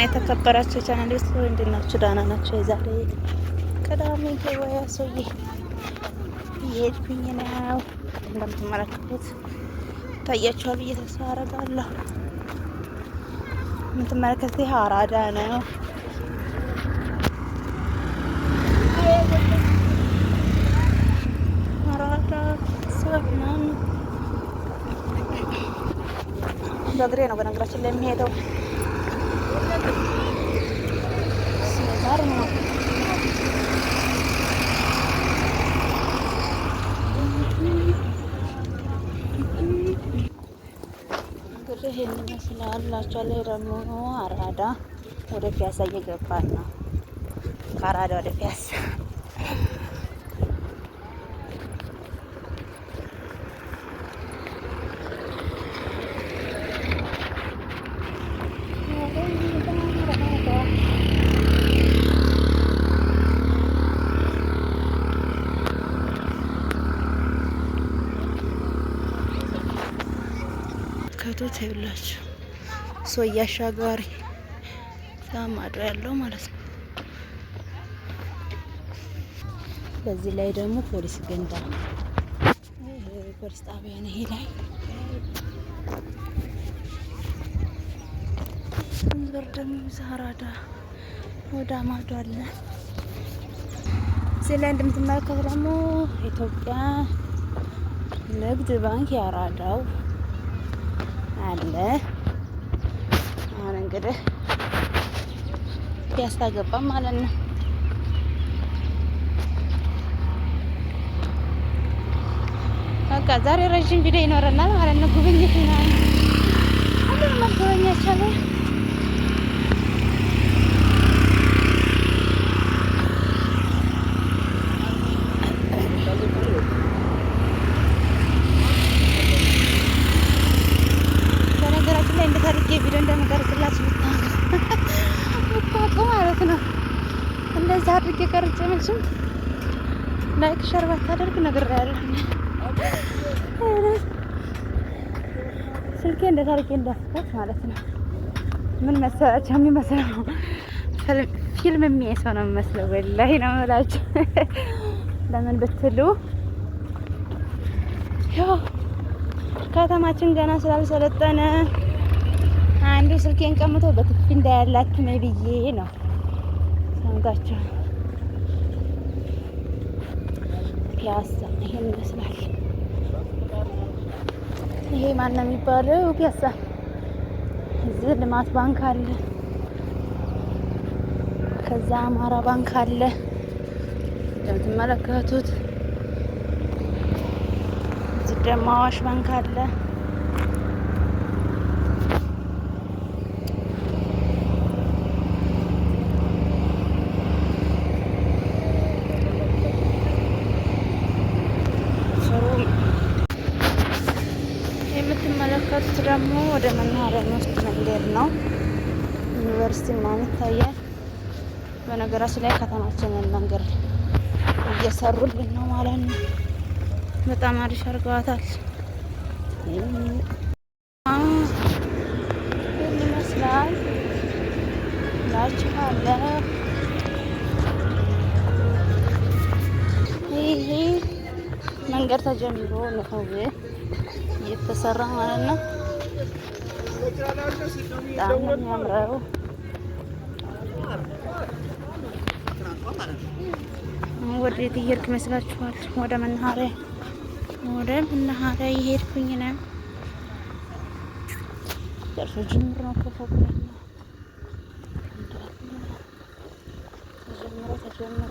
ውድና የተከበራቸው ቻናል ውስጥ እንድናችሁ ዳና ናቸው። የዛሬ ቅዳሜ ገበያ ሰውዬ እየሄድኩኝ ነው። እንደምትመለከቱት ታያችኋል ብዬ ተስፋ አደርጋለሁ። የምትመለከቱት ይህ አራዳ ነው። በእግሬ ነው በነገራችን ላይ የሚሄደው ይህን ይመስላላቸው ላይ ደግሞ አራዳ ወደ ፒያሳ እየገባን ነው። ከአራዳ ወደ ፒያሳ የምትወዱት ይብላችሁ። ሶያ አሻጋሪ ማዶ ያለው ማለት ነው። በዚህ ላይ ደግሞ ፖሊስ ገንዳ ፖሊስ ጣቢያ ነው። ይሄ ላይ ደግሞ ዛራዳ ማዶ አለ። እዚህ ላይ እንደምትመለከቱ ደግሞ ኢትዮጵያ ንግድ ባንክ ያራዳው አለ። አሁን እንግዲህ ያስታገባም ማለት ነው። በቃ ዛሬ ረዥም ቪዲዮ ይኖረናል ማለት ነው። ጉብኝት ነው ሁሉንም መጎበኛ ይቻላል። ቀርጬ መቼም ላይክ ሸር ባታደርግ ነግሬያለሁ። ስልኬ እንደ ታሪኬ ማለት ነው። ምን መሰላቸው የሚመስለው ፊልም የሚያይ ሰው ነው የሚመስለው። ወላሂ ነው ለምን ብትሉ ያው ከተማችን ገና ስላልሰለጠነ አንዱ ስልኬን ቀምቶ በትክክል እንዳያላችሁ ነው ብዬ ነው ሰምታችሁ ፒያሳ ይሄን ይመስላል። ይሄ ማን ነው የሚባለው? ፒያሳ እዚህ ልማት ባንክ አለ፣ ከዛ አማራ ባንክ አለ እንደምትመለከቱት። እዚህ ደግሞ አዋሽ ባንክ አለ። የምትመለከቱት ደግሞ ወደ መናኸሪያ የሚወስድ መንገድ ነው። ዩኒቨርሲቲ ምናምን ይታያል። በነገራችን ላይ ከተማችንን መንገድ እየሰሩልን ነው ማለት ነው። በጣም አሪፍ አድርገዋታል። ይመስላል ላችኋለሁ። ይሄ መንገድ ተጀምሮ ነው የተሰራ ማለት ነው። በጣም ነው የሚያምረው። ወዴት እየሄድክ ይመስላችኋል? ወደ መናኸሪያ ወደ መናኸሪያ እየሄድኩኝ ነው። ደርሶ ጅምር ነው ከፎቅ ጀምሮ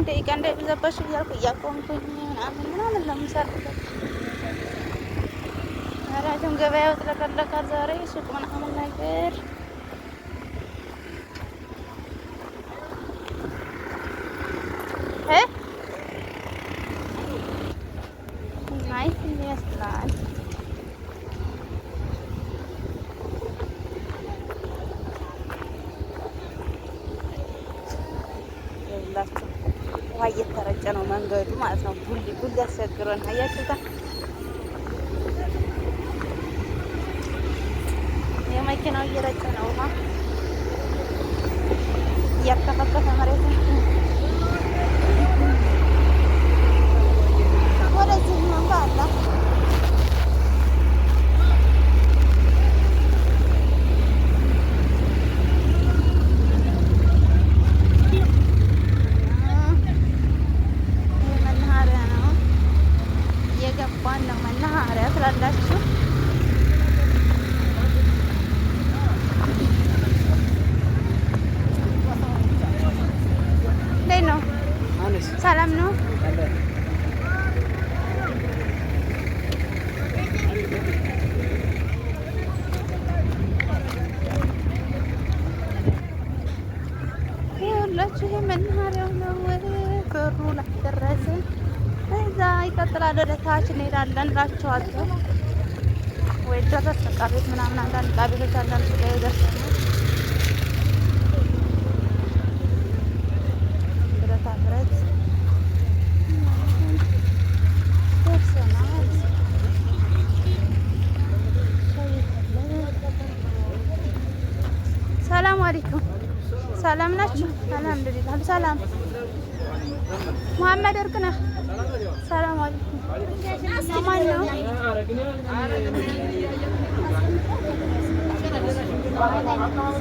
እንደ እቃ እንዳይበዛባሽ እያልኩ እያቆምኩኝ ምናምን ምናምን ነው የምሰርበት። ምክንያቱም ገበያው ጥለቀለቃል ዛሬ ሱቅ ምናምን ነገር ላችሁ ውሃ እየተረጨ ነው መንገዱ ማለት ነው። ቡል ቡል ያስቸግረን አያችሁታ። የመኪናው እየረጨ ነው ውሃ እያከፈከፈ መሬት ሁላችሁ መናኸሪያው ነው በሩ ላይ ደረስን። እዛ ይቀጥላል ወደ ታች እንሄዳለን እላችኋለሁ። ወይ ደረስ ዕቃ ቤት ምናምን አንዳንድ ዕቃ ቤቶች አንዳንድ ላይ ደርሰን ሰላም አለይኩም። ሰላም ናችሁ? አልሐምዱሊላህ ብሰላም መሐመድ እርቅ ነህ? ሰላም አለይኩም። ማን ነው?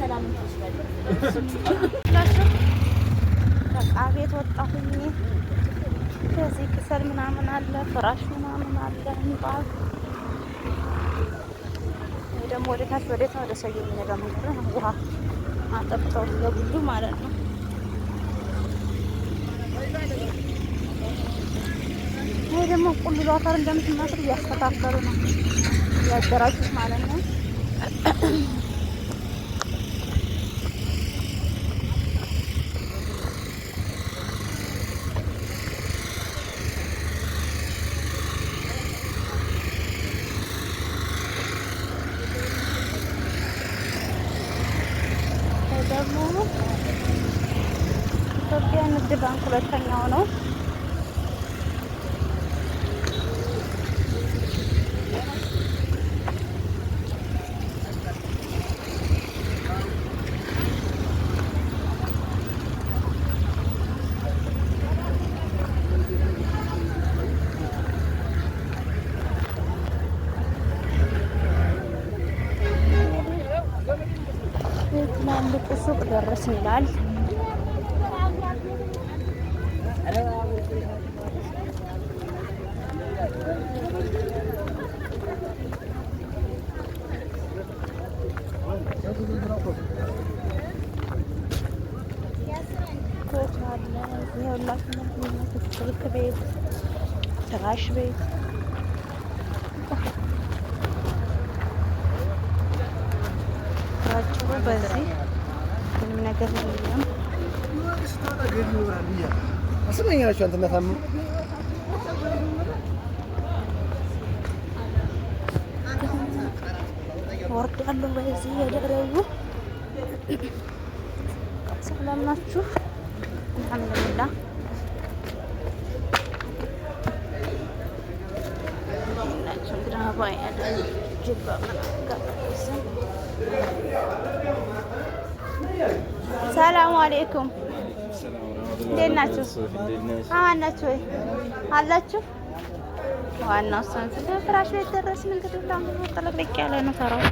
ሰላም ቤት ወጣሁኝ። ከዚህ ክሰል ምናምን አለ፣ ፍራሽ ምናምን አለ። ንባብ ወይ ደግሞ ወደ ታች ወደታ ወደ ሰው የሚነዳ ምድረ ውሃ አጠብተው ለጉዱ ማለት ነው። ይህ ደግሞ ቁልሉ አፈር እንደምትመስል እያስተካከሉ ነው ያደራጁት ማለት ነው። ሁለተኛው ነው። ትላልቅ ሱቅ ደረስ ይላል። ሱቆች አለ። ይኸውላችሁ ስልክ ቤት፣ ትራሽ ቤት ራችሁ በዚህ ምንም ነገር የለም። ወርዳለሁ በዚህ የደረቡ ሰላም ናችሁ? አልሐምዱሊላ ሰላሙ አሌይኩም እንዴት ናችሁ? አማን ናችሁ ወይ አላችሁ? ዋናው እሷን ስለ ፍራሽ ቤት ደረስን። እንግዲህ ጥልቅልቅ ያለ ነው ተራው